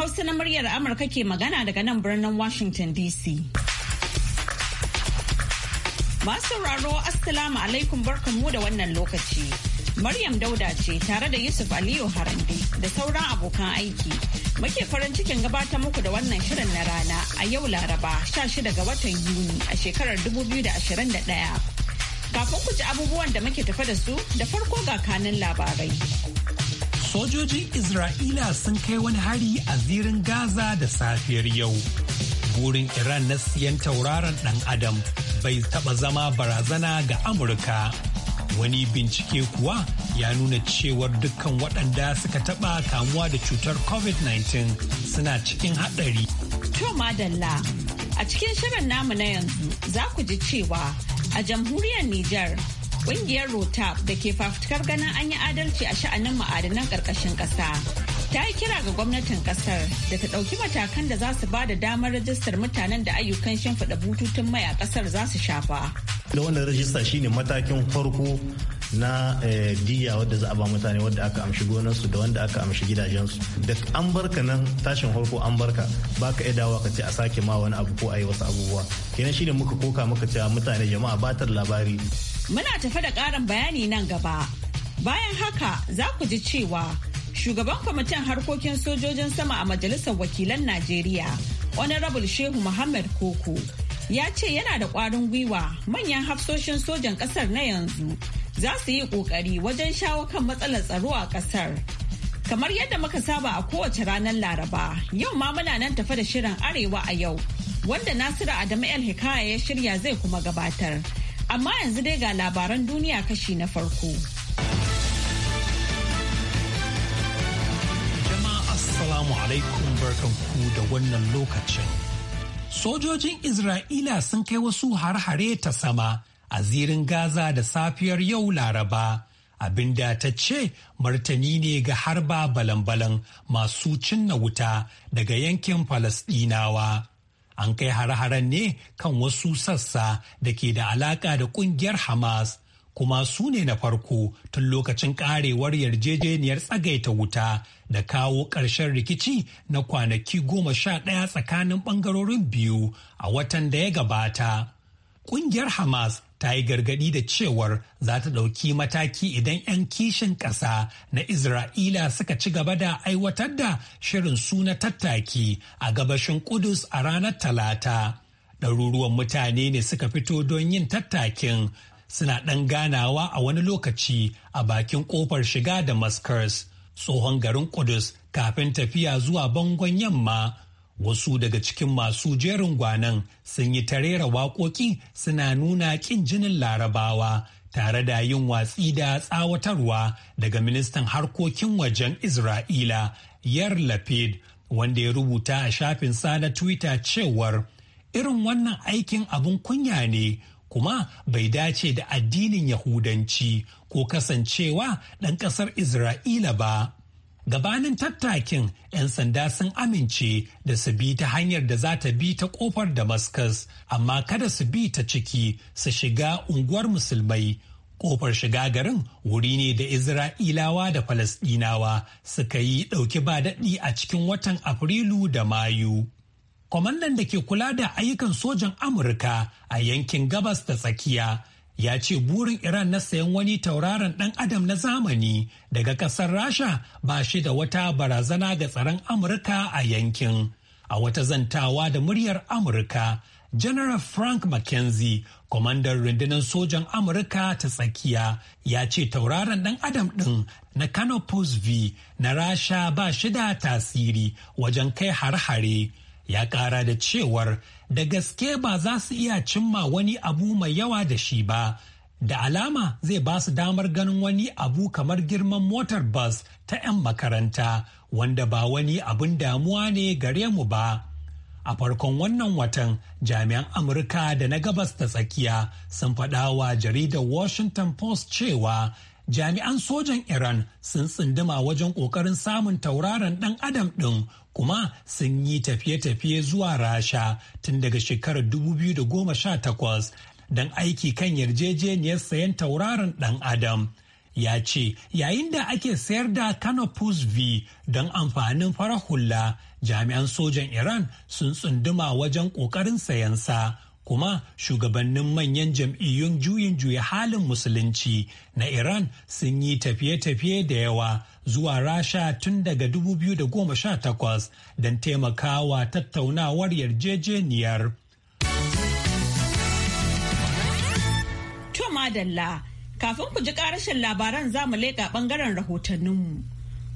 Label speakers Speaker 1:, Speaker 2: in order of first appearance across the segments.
Speaker 1: Hausa na muryar Amurka ke magana daga nan birnin Washington DC. Masu sauraro Assalamu alaikum barkanmu da wannan lokaci. Maryam Dauda ce tare da Yusuf Aliyu Harande da sauran abokan aiki. Muke farin cikin gabatar muku da wannan shirin na rana a yau Laraba 16 ga watan Yuni a shekarar 2021. Kafin ku ji abubuwan da muke tafa da su da farko ga kanin labarai.
Speaker 2: sojojin Isra'ila sun kai wani hari a zirin Gaza da safiyar yau. Burin Iran na siyan tauraron ɗan Adam bai taɓa zama barazana ga Amurka. Wani bincike kuwa ya nuna cewar dukkan waɗanda suka taɓa kamuwa da cutar COVID-19 suna cikin haɗari.
Speaker 1: To madalla, a cikin shirin namu na yanzu za ku ji cewa a jamhuriyar Nijar. kungiyar Rotap da ke fafutukar ganin an yi adalci a sha'anin ma'adanan karkashin ƙasa. Ta yi kira ga gwamnatin ƙasar da ta ɗauki matakan da za su ba da damar rajistar mutanen da ayyukan shimfiɗa bututun mai a ƙasar za su shafa.
Speaker 3: Da wannan rajista shine matakin farko na eh, diya wadda za a ba mutane wadda aka amshi gonarsu da wanda aka amshi gidajensu da an barka nan tashin farko an barka ba ka iya dawa ka ce a sake ma wani abu ko a yi wasu abubuwa kenan shi ne muka koka muka cewa mutane jama'a batar labari
Speaker 1: Muna tafe da ƙarin bayani nan gaba. Bayan haka za ku ji cewa shugaban kwamitin harkokin sojojin sama a Majalisar Wakilan Najeriya, Honorable Shehu Muhammad Koko, ya ce yana da ƙwarin gwiwa manyan hafsoshin sojan ƙasar na yanzu za su yi ƙoƙari wajen shawo kan matsalar tsaro a ƙasar. Kamar yadda muka saba a kowace ranar Laraba, yau ma muna nan tafe da shirin Arewa a yau, wanda Nasiru Adamu El Hikaya ya shirya zai kuma gabatar. Amma yanzu dai ga labaran duniya kashi na farko.
Speaker 2: Jama'a Assalamu alaikum barkanku da wannan lokacin. Sojojin Isra'ila sun kai wasu har-hare ta sama a zirin Gaza da safiyar yau Laraba. abinda ta ce martani ne ga harba balan-balan masu cinna wuta daga yankin Falasɗinawa an kai hare-haren ne kan wasu sassa da ke da alaka da kungiyar hamas kuma su ne na farko tun lokacin karewar yarjejeniyar tsagaita wuta da kawo ƙarshen rikici na kwanaki goma sha ɗaya tsakanin ɓangarorin biyu a watan da ya gabata. Ƙungiyar Hamas ta yi gargadi da cewar za ta ɗauki mataki idan 'yan kishin ƙasa na Isra'ila suka ci gaba da aiwatar da shirin suna tattaki a gabashin Kudus a ranar Talata. Ɗaruruwan mutane ne suka fito don yin tattakin suna ɗan ganawa a wani lokaci a bakin ƙofar shiga da tsohon garin Kudus kafin tafiya zuwa bangon yamma Wasu daga cikin masu jerin gwanan sun yi tarera waƙoƙi suna nuna ƙin jinin larabawa tare da yin watsi da tsawatarwa daga ministan harkokin wajen Isra'ila yar Lapid wanda ya rubuta a shafin na Twitter cewar irin wannan aikin abin kunya ne kuma bai dace da addinin Yahudanci ko kasancewa ɗan ƙasar Isra'ila ba. gabanin tattakin 'yan sanda sun amince da su bi ta hanyar da za ta bi ta kofar damascus amma kada su bi ta ciki su shiga unguwar musulmai kofar shiga garin wuri ne da isra'ilawa da falasdinawa suka yi ɗauki ba daɗi a cikin watan afrilu da mayu kwamandan da ke kula da ayyukan sojan amurka a yankin gabas da tsakiya ya ce burin Iran na sayan wani tauraron dan adam na zamani daga kasar Rasha ba shi da wata barazana ga tsaron Amurka a yankin. A wata zantawa da muryar Amurka, General Frank McKenzie, kwamandan rundunar sojan Amurka ta tsakiya, ya ce tauraron dan adam din na Canopus V na Rasha ba shi da tasiri wajen kai har-hare. ya kara da cewar da gaske ba za su iya cimma wani abu mai yawa da shi ba da alama zai ba su damar ganin wani abu kamar girman motar bus ta 'yan makaranta wanda ba wani abun damuwa ne gare mu ba a farkon wannan watan jami'an amurka da na gabas ta tsakiya sun faɗa jaridar washington post cewa jami'an sojan Iran sun tsunduma wajen ƙoƙarin samun tauraron ɗan adam ɗin kuma sun yi tafiye-tafiye zuwa rasha tun daga shekarar 2018 don aiki kan yarjejeniyar sayan tauraron ɗan adam. ya ce yayin da ake sayar da canopus v don amfanin farar hula jami'an sojan iran sun tsunduma wajen ƙoƙarin sayansa kuma shugabannin manyan jam'iyyun juyin juya halin musulunci na iran sun yi tafiye-tafiye da yawa zuwa rasha tun daga 2018 don taimakawa tattaunawar yarjejeniyar
Speaker 1: madalla kafin ku ji karashin labaran za mu leƙa ɓangaren rahotanninmu.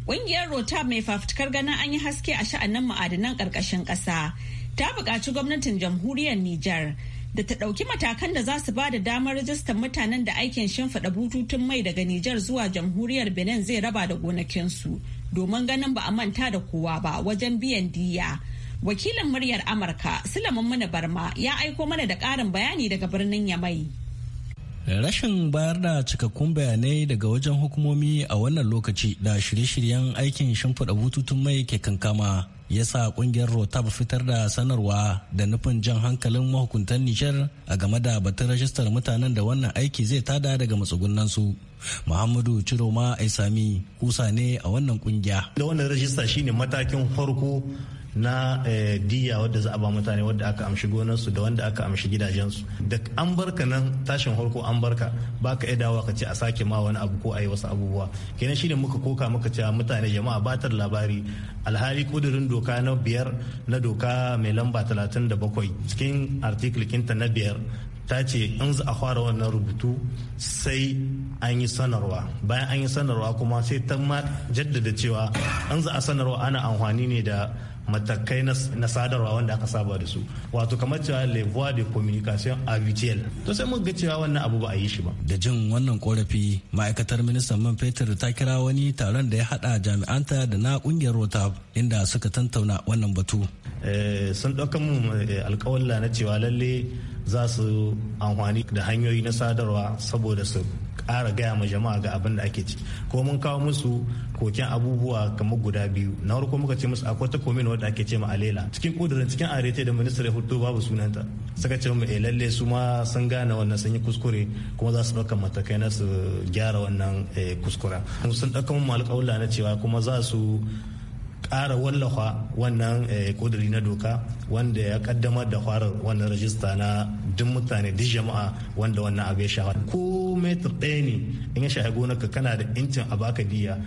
Speaker 1: Ƙungiyar Rota mai fafutukar ganin an yi haske a sha'anin ma'adanan ƙarƙashin ƙasa ta buƙaci gwamnatin jamhuriyar Nijar da ta ɗauki matakan da za su ba da damar rajistar mutanen da aikin shimfiɗa bututun mai daga Nijar zuwa jamhuriyar Benin zai raba da gonakinsu domin ganin ba a manta da kowa ba wajen biyan diya. Wakilin muryar Amurka Sulaiman Muna Barma ya aiko mana da ƙarin bayani daga birnin Yamai.
Speaker 4: Rashin bayar da cikakkun bayanai daga wajen hukumomi a wannan lokaci da shirye-shiryen aikin shimfiɗa bututun mai ke kankama ya sa kungiyar rotab fitar da sanarwa da nufin jan hankalin mahukuntan nishar a game da batun rajistar mutanen da wannan aiki zai tada daga matsugunansu muhammadu ciroma aisami kusa ne a wannan kungiya da wannan rajista shine matakin farko na eh, diya wadda za a
Speaker 3: ba mutane wadda aka amshi gonarsu da wanda aka amshi gidajensu da an barka nan tashin harko an barka ba ka iya dawa ka ce a sake ma wani abu ko a yi wasu abubuwa kenan shi ne muka koka muka cewa mutane jama'a batar labari alhali kudurin doka na biyar na doka mai lamba talatin da 37 cikin kinta na biyar ta ce in za a fara wannan rubutu sai an yi sanarwa bayan an yi sanarwa kuma sai ta jaddada cewa in za a sanarwa ana amfani ne da matakai na sadarwa wanda aka saba da su wato kamar cewa le voie de communication habituel to sai mun ga cewa wannan abu ba a yi
Speaker 4: shi ba da jin wannan korafi ma'aikatar ministan man fetur ta kira wani taron da ya hada jami'anta da na kungiyar rota inda suka tantauna wannan batu
Speaker 3: eh, sun ɗauka mu eh, alƙawalla na cewa lalle za su amfani da hanyoyi na sadarwa saboda su ƙara gaya ma jama'a ga abin da ake ci ko mun kawo musu koken abubuwa kamar guda biyu na farko muka ce musu akwai ta komin wadda ake ce ma alela cikin kudurin cikin arete da ministar hudu babu sunanta suka ce mu eh, lalle su ma sun gane wannan sun yi kuskure kuma za su ɗauka matakai na su gyara wannan eh, kuskura sun ɗauka mu alƙawla na cewa kuma za su ƙara wallafa wannan eh, ƙuduri na doka wanda ya kaddamar da farar wannan rajista na duk mutane duk jama'a wanda wannan abu ya shafa ko metar ɗaya ne in ya shahi ka kana da incin a baka diya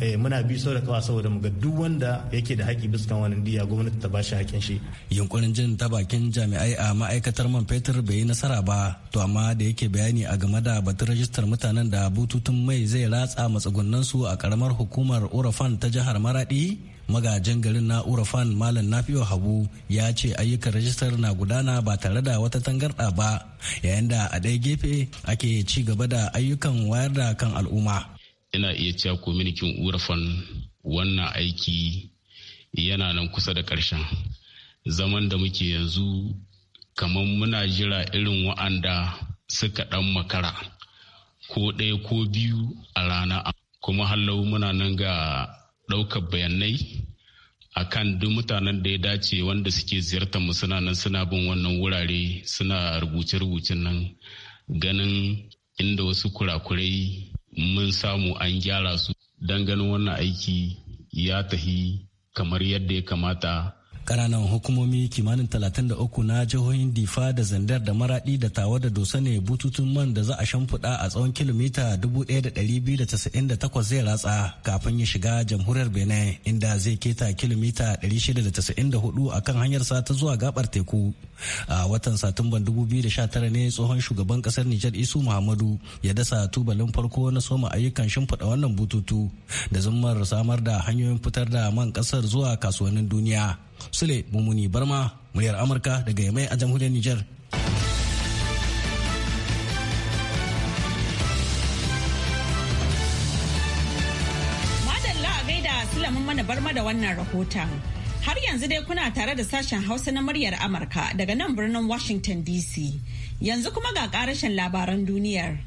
Speaker 3: eh, muna bi
Speaker 4: sau da kawa saboda mu duk wanda yake da haƙi biskan wannan diya gwamnati ta bashi haƙin shi yunkurin jin ta bakin jami'ai a ma'aikatar man fetur bai yi nasara ba to amma da yake bayani a game da batun rajistar mutanen da bututun mai zai ratsa matsugunan su a karamar hukumar urafan ta jihar maradi magajin garin na urafan malam nafiyo habu ya ce ayyukan rajistar na gudana ba tare da wata tangarɗa ba yayin da a ɗaya gefe ake ci gaba da ayyukan wayar da kan al'umma
Speaker 5: ina iya cewa kominikin urafan wannan aiki yana nan kusa da karshen zaman da muke yanzu kamar muna jira irin wa'anda suka ɗan makara ko ɗaya ko biyu a rana kuma hallau muna nan ga ɗaukar bayanai a kan duk mutanen da ya dace wanda suke ziyartar mu suna nan suna bin wannan wurare suna rubuce-rubucen nan ganin inda wasu kurakurai mun samu an gyara su don ganin wannan aiki ya tahi kamar yadda ya kamata
Speaker 4: kananan hukumomi kimanin 33 na jihohin difa da zandar da maradi da tawa da dosa ne bututun man da za a shimfiɗa a tsawon kilomita 1298 zai ratsa kafin ya shiga jamhuriyar benin inda zai keta kilomita 694 akan hanyar sa ta zuwa gabar teku a watan satumban 2019 ne tsohon shugaban kasar nijar isu muhammadu ya dasa tubalin farko na soma ayyukan shimfiɗa wannan bututu da zumar samar da hanyoyin fitar da man kasar zuwa kasuwannin duniya Sule Mumuni Barma, muryar Amurka daga Yamai a jamhuriyar Nijar.
Speaker 1: Madalla a gaida mana Barma da wannan rahoton. Har yanzu dai kuna tare da sashen Hausa na muryar Amurka daga nan birnin Washington DC. Yanzu kuma ga karashen labaran duniyar.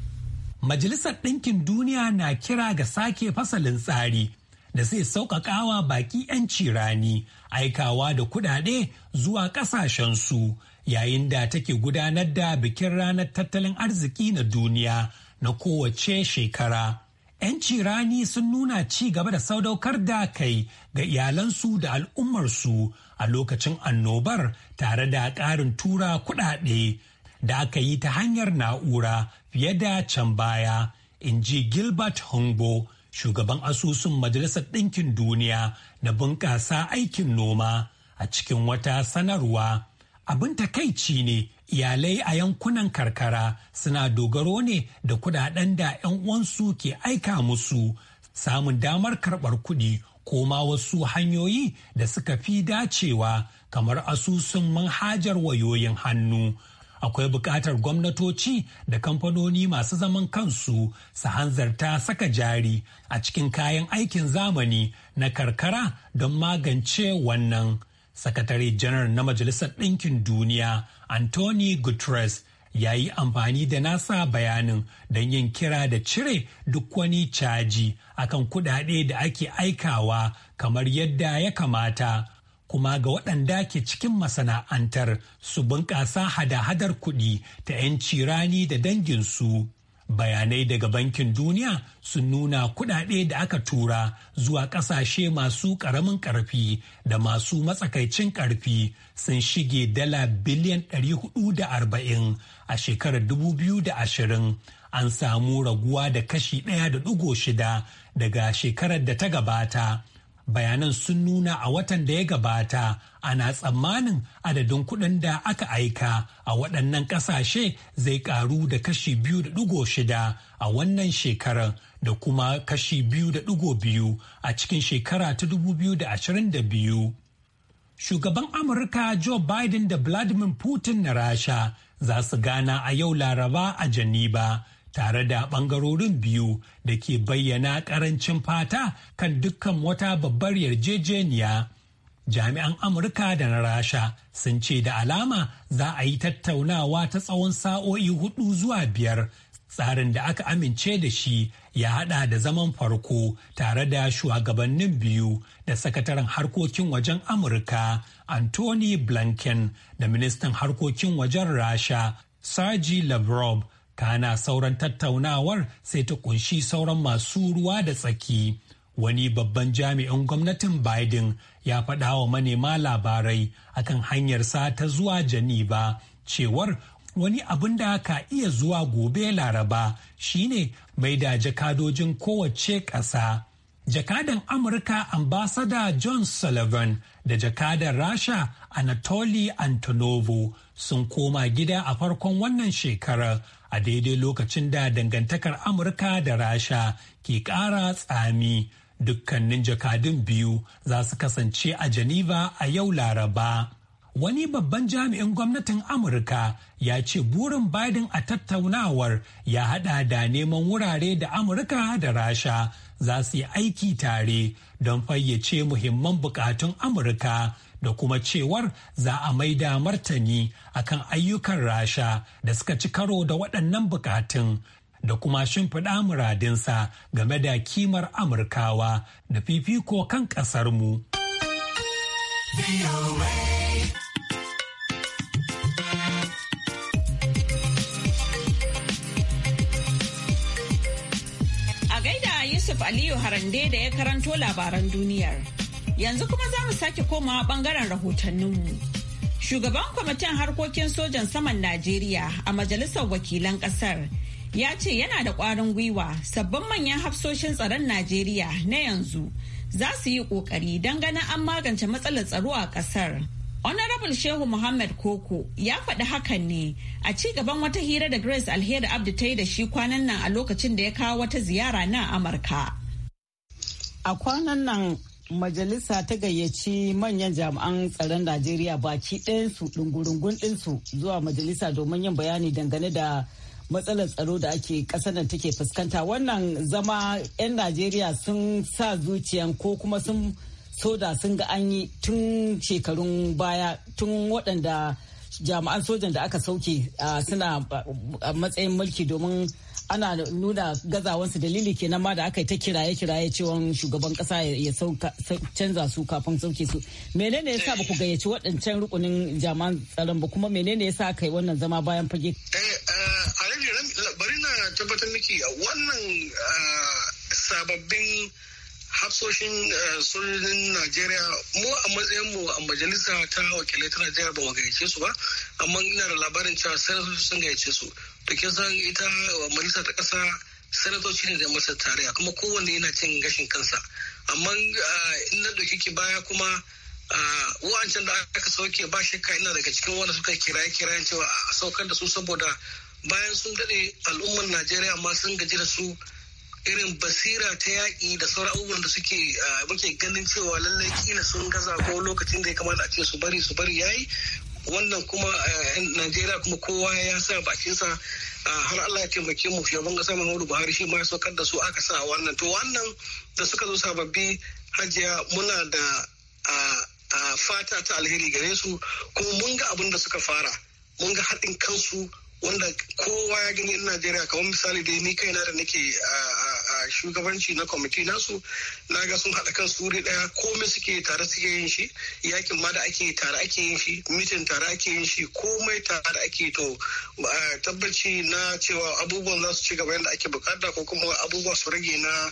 Speaker 2: Majalisar Ɗinkin Duniya na kira ga sake fasalin tsari da zai sauƙaƙawa baƙi yan cirani aikawa da kuɗaɗe zuwa ƙasashensu yayin da take gudanar da bikin ranar tattalin arziki na duniya na kowace shekara. 'Yanci rani sun nuna ci gaba da sadaukar da kai ga iyalansu da al'ummarsu a lokacin annobar tare da ƙarin tura kuɗaɗe da aka yi ta hanyar na'ura fiye da can baya, in ji Gilbert Humbo. shugaban asusun Majalisar Ɗinkin Duniya na bunƙasa aikin noma a cikin wata sanarwa. Abin takaici ne iyalai a yankunan karkara suna dogaro ne da kudaden da 'yan uwansu ke aika musu samun damar karɓar kuɗi ko ma wasu hanyoyi da suka fi dacewa kamar asusun manhajar wayoyin hannu akwai buƙatar gwamnatoci da kamfanoni masu zaman kansu su hanzarta saka jari a cikin kayan aikin zamani na karkara don magance wannan. Sakatare janar na Majalisar Ɗinkin Duniya, Anthony Guterres, ya yi amfani da nasa bayanin don yin kira da cire duk wani caji akan kudade da ake aikawa kamar yadda ya kamata kuma ga waɗanda ke cikin masana'antar su bunƙasa hada-hadar kuɗi ta 'yanci rani da danginsu. Bayanai daga Bankin Duniya sun nuna kuɗaɗe da aka tura zuwa ƙasashe masu ƙaramin ƙarfi da masu matsakaicin ƙarfi sun shige dala biliyan 440 a shekarar 2020 an samu raguwa da kashi ɗaya da ɗigo shida daga shekarar da ta gabata. bayanan sun nuna a watan da ya gabata ana tsammanin adadin kuɗin da aka aika a waɗannan ƙasashe zai ƙaru da kashi biyu da ɗigo shida a wannan shekarar da kuma kashi biyu da ɗigo biyu a cikin shekara ta dubu biyu da ashirin da biyu. Shugaban Amurka Joe Biden da Vladimir Putin na Rasha za su gana a yau Laraba a janiba tare da ɓangarorin biyu da ke bayyana ƙarancin fata kan dukkan wata babbar yarjejeniya. Jami'an Amurka da na Rasha sun ce da alama za a yi tattaunawa ta tsawon sa'o'i hudu zuwa biyar. Tsarin da aka amince da shi ya haɗa da zaman farko tare da shugabannin biyu da sakataren harkokin wajen Amurka Anthony Blinken da ministan harkokin wajen Rasha Sergey Lavrov kana sauran tattaunawar sai ta kunshi sauran masu ruwa da tsaki wani babban jami'in gwamnatin biden ya faɗa wa manema labarai akan hanyarsa ta zuwa janiba cewar wani abin da ka iya zuwa gobe laraba shine mai da jakadojin kowace ƙasa jakadan amurka ambasada john sullivan da jakadan rasha anatoly antonovo sun koma gida a farkon wannan shekarar a daidai lokacin da dangantakar amurka da rasha ke ƙara tsami dukkanin jakadun biyu za su kasance a geneva a yau laraba wani babban jami'in gwamnatin amurka ya ce burin biden a tattaunawar ya hada da neman wurare da amurka da rasha za su yi aiki tare don fayyace muhimman bukatun amurka da kuma cewar za a maida martani akan ayyukan rasha da suka ci karo da waɗannan bukatun da kuma shimfiɗa muradinsa game da kimar amurkawa da fifiko kan ƙasarmu.
Speaker 1: A gaida Yusuf Aliyu Harande da ya karanto labaran duniyar. Yanzu kuma za mu sake komawa bangaren rahotanninmu. Shugaban kwamitin harkokin sojan saman Najeriya a Majalisar Wakilan Kasar, ya ce yana da kwarin gwiwa sabbin manyan hafsoshin tsaron Najeriya na yanzu za su yi ƙoƙari don ganin an magance matsalar tsaro a ƙasar. Honorable Shehu Muhammad Koko ya faɗi hakan ne a ci gaban wata hira da Grace Alheri Abdu ta yi da shi kwanan nan a lokacin da ya kawo wata ziyara na Amurka. A kwanan nan majalisa ta gayyaci manyan jami'an tsaron najeriya baki ɗayansu ɗungurungun ɗinsu zuwa majalisa domin yin bayani dangane da matsalar tsaro da ake ƙasar nan take fuskanta wannan zama 'yan najeriya sun sa zuciyan ko kuma sun soda sun ga an yi tun shekarun baya tun waɗanda jami'an sojan da aka sauke suna matsayin mulki domin ana nuna gazawansu dalili kenan ma da aka yi ta kiraye kiraye cewa shugaban kasa ya canza su kafin sauke su menene yasa ba ku gayyaci waɗancan rukunin jaman tsaron ba kuma menene yasa aka yi wannan zama bayan fage eh, eh,
Speaker 6: bari na tabbatar miki wannan eh, sababbin hafsoshin sojojin najeriya mu a matsayin mu a majalisa ta wakilai ta najeriya ba mu gayyace su ba amma ina da labarin cewa sai sun gayyace su da kin san ita majalisa ta kasa sanatoci ne da masar tarayya kuma kowanne yana cin gashin kansa amma ah, in na ɗauki ki baya kuma ah, wa'ancan da aka sauke ba shakka ina daga cikin wanda suka kiraye kirayen cewa a saukar da su saboda bayan sun daɗe al'ummar najeriya ma sun gaji da su irin basira ta yaƙi da sauran abubuwan da suke ah, muke ganin cewa lallai kila sun gaza ko lokacin da ya kamata a ce su bari su bari yayi wannan kuma eh, najeriya kuma kowa ya sa bakinsa ah, har allah ya taimake mu shugaban kasa muhammadu buhari shi ma ya saukar da su aka sa wannan to wannan da suka zo sababbi hajiya muna da ah, ah, fata ta alheri gare su kuma mun ga abin da suka fara mun ga haɗin kansu wanda kowa ya gani in najeriya kamar misali dai ni kaina da nake shugabanci na kwamiti nasu na ga sun haɗa kan suri ɗaya komai suke tare suke yin shi yakin ma da ake tare ake yin shi mitin tare ake yin shi komai tare ake to tabbaci na cewa abubuwan za su ci gaba yadda ake bukata ko kuma abubuwa su rage na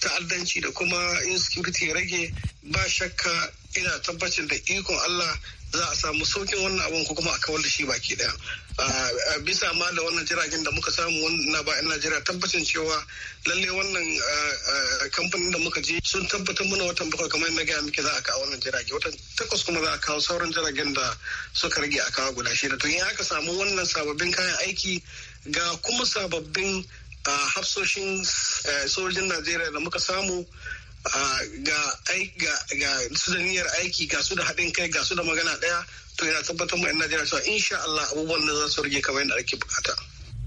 Speaker 6: ta'addanci da kuma insecurity rage ba shakka ina tabbacin da ikon Allah za a samu saukin wannan abin ko kuma a kawar da shi baki daya bisa ma da wannan jiragen da muka samu na bayan Najeriya tabbacin cewa lalle wannan kamfanin da muka je sun tabbatar mana watan bakwai kamar yadda gaya muke za a kawo wannan jirage watan takwas kuma za a kawo sauran jiragen da suka rage a kawo guda shida to in aka samu wannan sababbin kayan aiki ga kuma sababbin hafsoshin eh, sojin najeriya da muka samu ga su da niyyar aiki ga su da haɗin kai ga su da magana ɗaya to yana tabbatar mu 'yan najeriya cewa insha Allah abubuwan da za su rage kamar yadda ake bukata.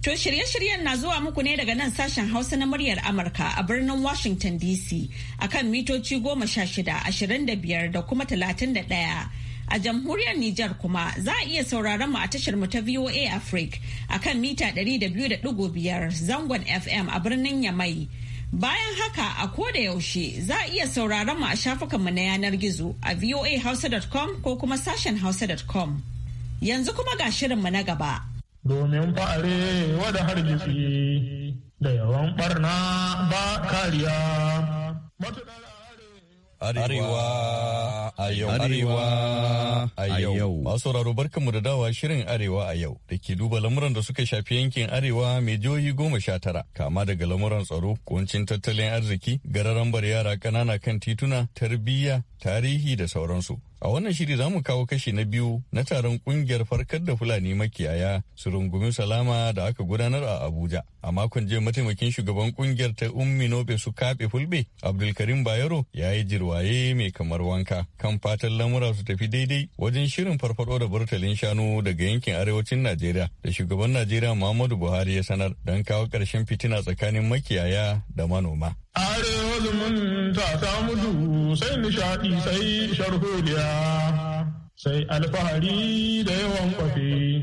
Speaker 1: To shirye-shiryen na zuwa muku ne daga nan sashen Hausa na muryar Amurka a birnin Washington DC akan mitoci goma sha shida, ashirin da biyar da kuma talatin da ɗaya. A jamhuriyar Nijar kuma za a iya sauraron mu a tashar mu ta VOA Africa akan mita ɗari da biyu da ɗigo biyar zangon FM a birnin Yamai. Bayan haka a koda yaushe za a iya sauraron mu a shafukanmu na yanar gizo a voahausa.com ko kuma sashen hausa.com. Yanzu kuma ga shirinmu na gaba.
Speaker 3: Domin fa'are wada hargitsi
Speaker 5: da yawan barna ba kariya.
Speaker 7: Arewa a yau. Arewa a yau. Masu sauraro barkanmu da dawa shirin Arewa a yau da ke duba lamuran da suka shafi yankin Arewa mai jihohi goma sha tara kama daga lamuran tsaro, kuncin tattalin arziki, gararambar yara ƙanana kan tituna, tarbiyya, tarihi da sauransu. A wannan shiri za mu kawo kashi na biyu na taron kungiyar farkar da Fulani makiyaya su rungumi salama da aka gudanar a Abuja. A makon jiya mataimakin shugaban kungiyar ta Ummi Nobe su kaɓe fulbe Abdulkarim Bayero ya yi jirwaye mai kamar wanka kan fatan lamura su tafi daidai wajen shirin farfado da burtalin shanu daga yankin arewacin Najeriya da shugaban Najeriya Muhammadu Buhari ya sanar don kawo ƙarshen fitina tsakanin makiyaya da manoma.
Speaker 5: azumin ta mudu sai nishaɗi sai sharholiya sai alfahari da
Speaker 3: yawan kwafe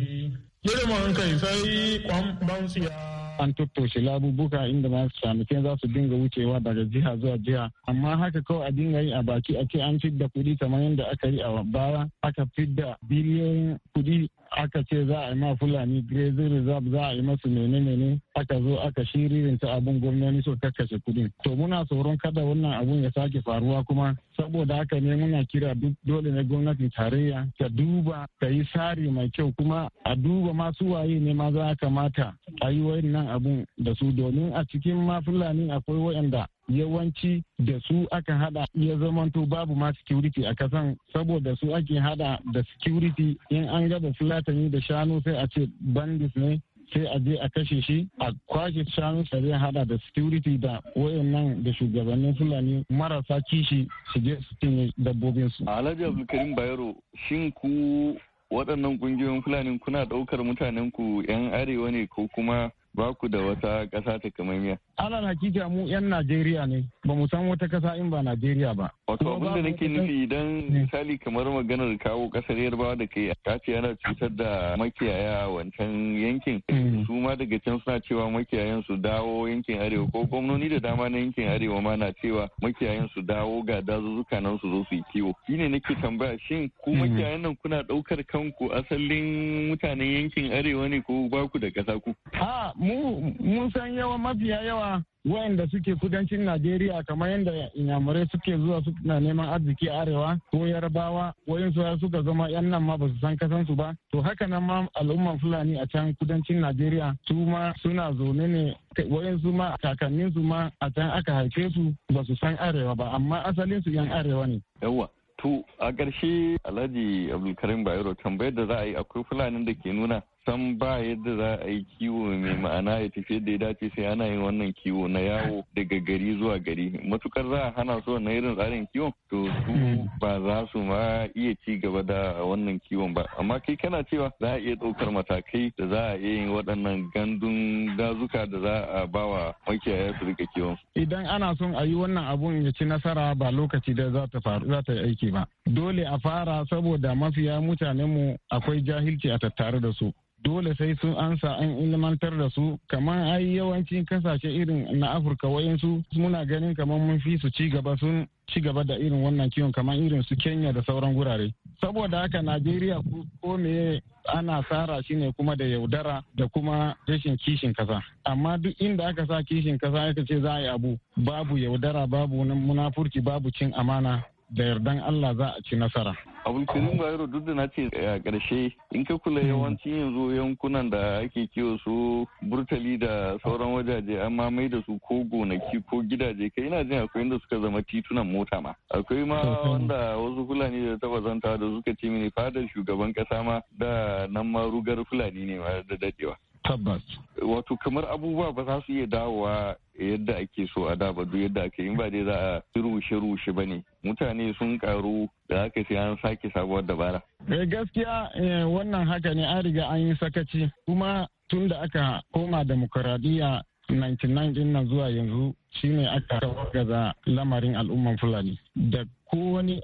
Speaker 3: girman kai sai kwamban siya.
Speaker 8: an tattoshe labubuka inda ma shanuke za su dinga wucewa daga jiha zuwa jiha amma haka kawai a dinga yi a baki ake an fidda kuɗi kamar yadda aka yi a baya aka fidda biliyoyin kuɗi aka ce za a yi ma fulani grazing reserve za a yi masu mene mene aka zo aka shiririnta abin gwamnoni so kakashe kudin to muna tsoron kada wannan abun ya sake faruwa kuma saboda haka ne muna kira duk dole ne gwamnatin tarayya ta duba ta yi sari mai kyau kuma a duba masu waye ne ma za kamata a yi wayannan abun da su domin a cikin ma fulani akwai waɗanda. yawanci da su aka hada ya zamanto babu ma security a kasan saboda su ake hada da security in an gaba fulatani da shanu sai a ce bandits ne sai a je a kashe shi a kwashe shanu zai hada da security da wayannan da shugabannin fulani marasa kishi su je su cinye dabbobinsu. alhaji
Speaker 7: abdulkarim bayero shin ku waɗannan ƙungiyoyin fulani kuna ɗaukar mutanen ku 'yan arewa ne ko kuma ba ku da wata ƙasa ta kamar
Speaker 8: alal hakika mu 'yan najeriya ne ba mu san wata kasa in ba najeriya ba
Speaker 7: wato abin da nake nufi idan hmm. misali kamar maganar kawo kasar yarbawa da kai ka ce yana cutar da makiyaya wancan yankin hmm. su ma daga can suna cewa makiyayan su dawo yankin arewa ko gwamnoni da dama na yankin arewa ma na cewa makiyayan su dawo ga dazuzzuka nan su zo su yi kiwo shine nake tambaya shin ku hmm. makiyayan nan kuna ɗaukar kanku asalin mutanen yankin arewa ne ko ba ku da kasa ku
Speaker 8: a mu mun san yawa mafiya yawa kuma wayanda suke kudancin Najeriya kamar yadda inyamurai suke zuwa suna neman arziki arewa ko yarbawa wayansu su suka zama yan nan ma basu san kasan su ba to haka nan ma al'umman Fulani a can kudancin Najeriya su ma suna zaune ne wayansu ma kakannin su ma a can aka haife su basu san arewa ba amma asalin su yan arewa ne
Speaker 7: yawa to a ƙarshe Alhaji Abdulkarim Bayero tambayar da za a yi akwai Fulanin da ke nuna san ba yadda za a yi kiwo mai ma'ana ya tafi yadda ya dace sai ana yin wannan kiwo na yawo daga gari zuwa gari matukar za a hana su wannan irin tsarin kiwon to su ba za su ma iya ci gaba da wannan kiwon ba amma kai kana cewa za a iya ɗaukar matakai da za a iya yin waɗannan gandun dazuka da za a ba wa makiyaya su rika kiwon.
Speaker 8: idan ana son a yi wannan abun ya ci nasara ba lokaci da za ta faru za ta yi aiki ba dole a fara saboda mafiya mutanenmu akwai jahilci a tattare da su dole sai sun ansa an ilmantar da su kamar ai yawancin kasashe irin na afirka wayansu muna ganin kamar mun fi su ci gaba sun ci gaba da irin wannan kiwon kamar irin su kenya da sauran gurare saboda haka najeriya ko me ana tsara shi ne kuma da yaudara da kuma rashin kishin kasa amma duk inda aka sa kishin kasa aka ce za a yi abu babu yaudara babu munafurci babu cin amana da yardan Allah za a ci nasara.
Speaker 7: Abulkirin Bayero duk da na ce a ƙarshe in ka kula yawanci yanzu yankunan da ake kiwo su burtali da sauran wajaje an mai da su ko gonaki ko gidaje kai ina jin akwai inda suka zama titunan mota ma. Akwai ma wanda wasu Fulani da taba zantawa da suka ce mini fadar shugaban kasa ma da nan ma rugar Fulani ne ma da dadewa. tabbas wato kamar abubuwa ba za su iya dawowa yadda ake so a daba duk yadda ake in ba dai za a rushe rushe ba ne mutane sun karu da aka sai an sake sabuwar dabara
Speaker 8: eh gaskiya eh, wannan haka ne an riga an yi sakaci kuma tun da aka koma demokradiyya 99 din zuwa yanzu shine aka gaza lamarin al'umman fulani da kowani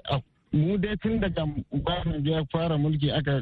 Speaker 8: mu dai tun daga ya fara mulki aka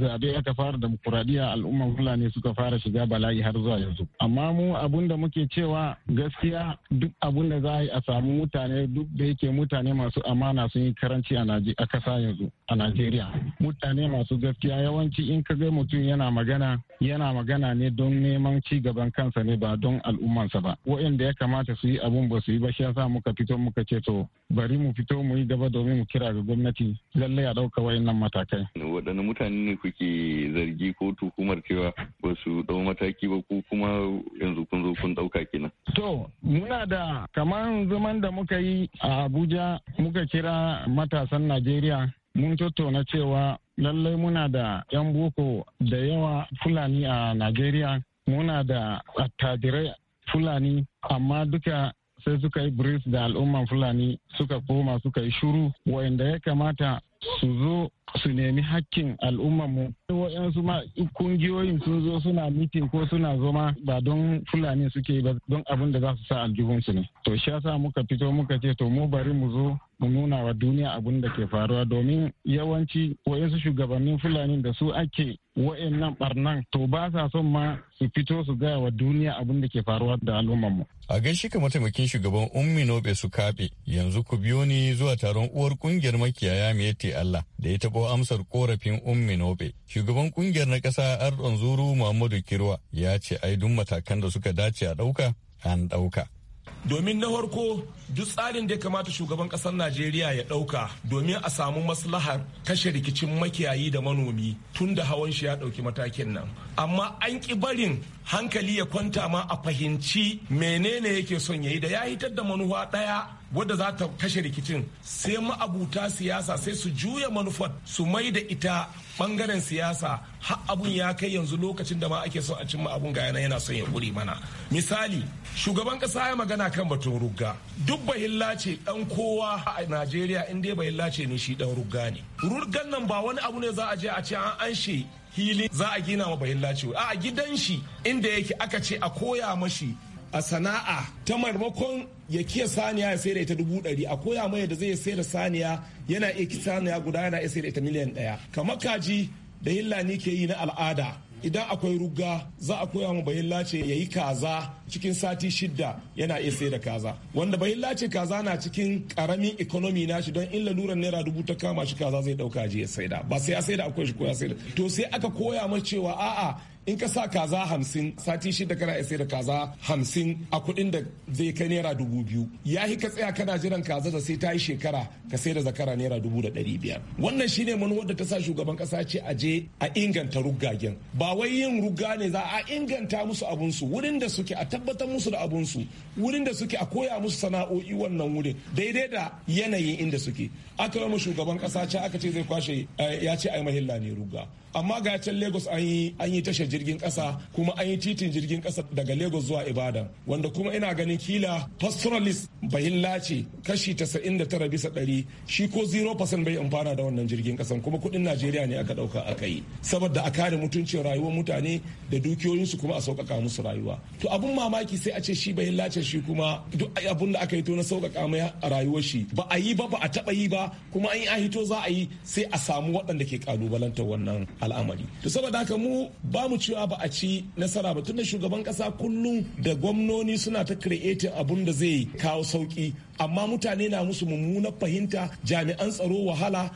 Speaker 8: zabe aka fara demokuraɗiyya al'umman fulani suka fara shiga bala'i har zuwa yanzu amma mu abun da muke cewa gaskiya duk abun da za a yi a samu mutane duk da yake mutane masu amana sun yi karanci a kasa yanzu a najeriya mutane masu gaskiya yawanci in ka ga mutum yana magana yana magana ne don neman ci gaban kansa ne ba don al'ummansa ba waɗanda ya kamata su yi abun ba su yi ba shi yasa muka fito muka ce to bari mu fito mu yi gaba domin mu kira ga gwamnati lallai a ɗauka nan matakai. waɗanne mutane ne kuke
Speaker 7: zargi ko tuhumar cewa ba su ɗau mataki ba ko kuma yanzu kun zo kun ɗauka kenan.
Speaker 8: to muna da kamar zaman da muka yi a abuja muka kira matasan najeriya mun tattauna cewa lallai muna da 'yan boko da yawa fulani a najeriya muna da attajirai fulani amma duka sai suka yi bris da al'umman fulani suka koma suka yi shuru wa'inda ya kamata su zo su nemi hakkin al'ummarmu. Wa'yansu ma kungiyoyin sun zo suna mitin ko suna zoma ba don Fulani suke ba don abin da za su sa aljihunsu ne. To shi yasa muka fito muka ce to mu bari mu zo mu nuna wa duniya abin da ke faruwa domin yawanci wa'yansu shugabannin Fulani da su ake wa'yannan barnan to ba sa son ma su fito su gaya wa duniya abin da ke faruwa
Speaker 7: da al'ummarmu. A gaishe ka mataimakin shugaban umminobe su kaɓe yanzu ku biyo ni zuwa taron uwar kungiyar makiyaya mai Allah da ya taɓo amsar korafin ummi nobe shugaban kungiyar na ƙasa ardon zuru muhammadu kirwa ya ce ai duk matakan da suka dace a
Speaker 5: ɗauka an ɗauka domin na farko duk tsarin da ya kamata shugaban kasar najeriya ya dauka domin a samu maslahar kashe rikicin makiyayi da manomi tun da hawan shi ya dauki matakin nan amma an ki barin hankali ya kwanta ma a fahimci menene yake son yayi da ya hitar da manufa daya wadda za ta kashe rikicin sai ma'abuta siyasa sai su juya manufar su mai da ita bangaren siyasa Ha abun ya kai yanzu lokacin da ma ake son a cimma abun ga yana son ya kure mana misali shugaban kasa ya magana kan batun rugga duk bahilla ce dan kowa a najeriya in dai bahilla ce ne shi dan rugga ne rugan nan ba wani abu ne za a je a ce an anshe hili za a gina ma bahilla ce a gidan shi inda yake aka ce a koya mashi a sana'a ta marmakon ya kiya saniya ya sayar da ita dubu dari a koya mai da zai sayar da saniya yana iya saniya guda yana iya sayar ita miliyan daya kamar kaji da hillani ke yi na al'ada idan akwai ruga za a koya ma bayin lace ya yi kaza cikin sati shidda yana iya sai da kaza wanda bayin lace kaza na cikin karamin economy shi don in laluran naira dubu ta kama shi kaza zai dauka je ya saida ba sai ya saida akwai shi ko ya saida to sai aka koya ma cewa a'a in ka sa kaza hamsin sati shida kana iya da kaza hamsin a kuɗin da zai kai naira dubu biyu ya ka tsaya kana jiran kaza da sai ta yi shekara ka sai da zakara naira dubu da ɗari biyar wannan shine manuwar da ta sa shugaban ƙasa ce a je a inganta ruggagen ba wai yin rugga ne za a inganta musu abunsu wurin da suke a tabbatar musu da abunsu wurin da suke a koya musu sana'o'i wannan wurin daidai da yanayin inda suke aka mu shugaban ƙasa ce aka ce zai kwashe eh, ya ce ai mahilla ne rugga amma ga can lagos an yi tashar jirgin kasa kuma an yi titin jirgin kasa daga lagos zuwa ibadan wanda kuma ina ganin kila pastoralist bahilla lace kashi 99 bisa ɗari shi ko 0% bai amfana da wannan jirgin kasan kuma kudin najeriya ne aka dauka aka yi saboda a kare mutuncin rayuwar mutane da dukiyoyinsu kuma a sauƙaƙa musu rayuwa to abun mamaki sai a ce shi bahilla lace shi kuma duk abun da aka yi to na sauƙaƙa mai rayuwar shi ba a yi ba ba a taɓa yi ba kuma an yi a hito za a yi sai a samu waɗanda ke ƙalubalantar wannan al'amari to saboda haka mu ba mu cewa ba a ci nasara ba tunda shugaban kasa kullum da gwamnoni suna ta creating abun da zai kawo sauki amma mutane na musu mummunar fahimta jami'an tsaro wahala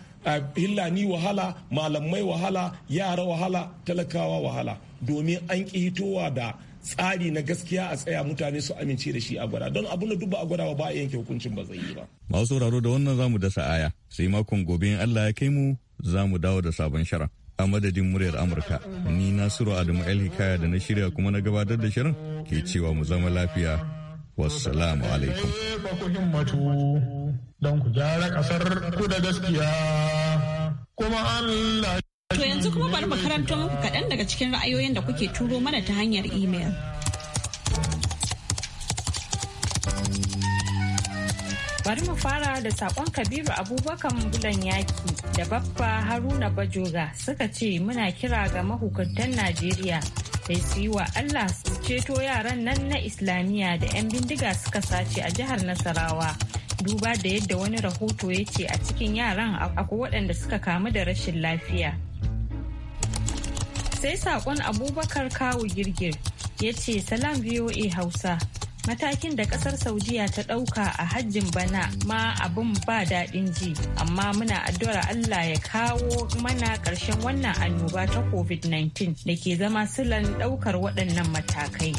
Speaker 5: hillani wahala malamai wahala yara wahala talakawa wahala domin an ƙi hitowa da tsari na gaskiya a tsaya mutane su amince da shi a gwada don abun da duba a gwada ba a yanke hukuncin ba zai yi ba.
Speaker 7: Masu sauraro da wannan zamu dasa aya sai makon gobe in Allah ya kai mu zamu dawo da sabon shara. a madadin muryar amurka ni nasiru adamu el hikaya da na shirya kuma na gabatar da shirin ke cewa mu zama lafiya wassalamu alaikum
Speaker 5: don ku gyara kasar ku da gaskiya kuma allah to yanzu kuma bari mu
Speaker 1: karanta muku kaɗan daga cikin ra'ayoyin da kuke turo mana ta hanyar imel. Bari mu fara da sakon
Speaker 9: Kabiru Abubakar Bulan Yaki da Baffa Haruna Bajoga suka ce muna kira ga mahukuntan Najeriya da su yi wa Allah su ceto yaran nan na Islamiyya da 'yan bindiga suka sace a jihar Nasarawa. Duba da yadda wani rahoto ya ce a cikin yaran akwai waɗanda suka kamu da rashin lafiya. Sai sakon Abubakar Kawu Girgir ya ce Salam VOA Hausa. matakin da kasar saudiya ta ɗauka a hajjin bana ma abin ba daɗin ji amma muna addu'ar allah ya kawo mana ƙarshen wannan annoba ta covid-19 da ke zama silan ɗaukar waɗannan matakai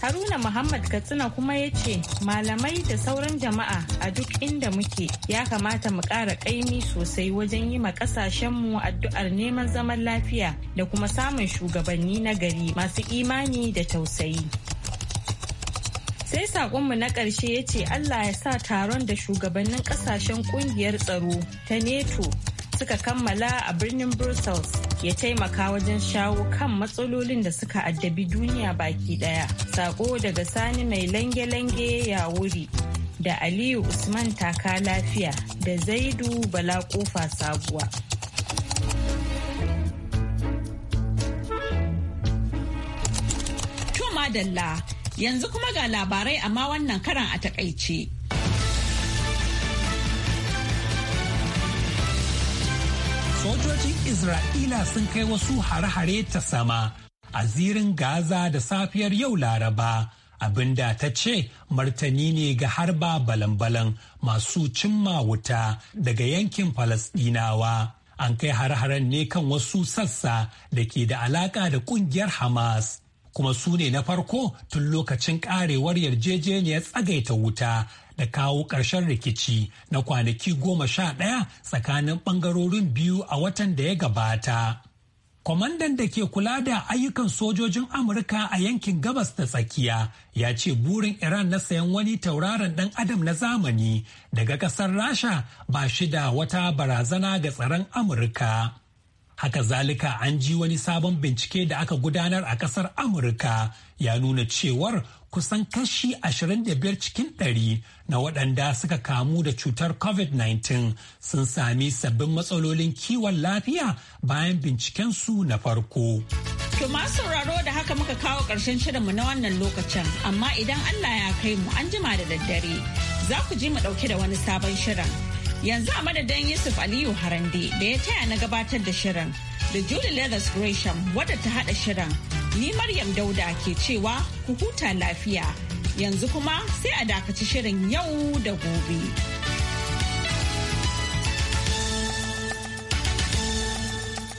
Speaker 9: Haruna Muhammad Katsina kuma ya ce malamai da sauran jama'a a duk inda muke ya kamata mu ƙara ƙaimi sosai wajen yi ma ƙasashenmu addu'ar neman zaman lafiya da kuma samun shugabanni na gari masu imani da tausayi. sai saƙonmu na ƙarshe ya ce allah ya sa taron da shugabannin ƙasashen ƙungiyar tsaro ta neto suka kammala a birnin brussels ya taimaka wajen shawo kan matsalolin da suka addabi duniya baki daya sako daga sani mai lange-lange ya wuri da aliyu usman taka lafiya da zaidu bala kofa sabuwa
Speaker 1: madalla Yanzu kuma ga labarai amma wannan karan a takaice.
Speaker 2: Sojojin Isra'ila sun kai wasu hare-hare ta sama a zirin Gaza da safiyar yau Laraba. abinda ta ce martani ne ga harba balan-balan masu cimma wuta daga yankin Falasdinawa. An kai har-haren ne kan wasu sassa da ke da alaka da kungiyar Hamas kuma su ne na farko tun lokacin karewar yarjejeniyar tsagaita wuta da kawo ƙarshen rikici na kwanaki goma sha ɗaya tsakanin ɓangarorin biyu a watan da ya gabata. Kwamandan da ke kula da ayyukan sojojin Amurka a yankin gabas da tsakiya ya ce burin Iran na sayan wani tauraron ɗan adam na zamani daga ƙasar Rasha ba shi da wata barazana ga tsaron Amurka. Haka zalika an ji wani sabon bincike da aka gudanar a ƙasar Amurka ya nuna cewar kusan kashi 25 cikin ɗari na waɗanda suka kamu da cutar COVID-19 sun sami sabbin matsalolin kiwon lafiya bayan bincikensu na farko.
Speaker 1: To sauraro da haka muka kawo ƙarshen shirinmu na wannan lokacin, amma idan Allah ya kai mu an jima da daddare za ku ji mu ɗauke da wani sabon shirin. Yanzu a madadin Yusuf Aliyu Harande da ya taya na gabatar da shirin da Julie Leathers Gresham wadda ta haɗa shirin. Ni Maryam Dauda ke cewa ku huta lafiya. Yanzu kuma sai a dakaci shirin yau da gobe.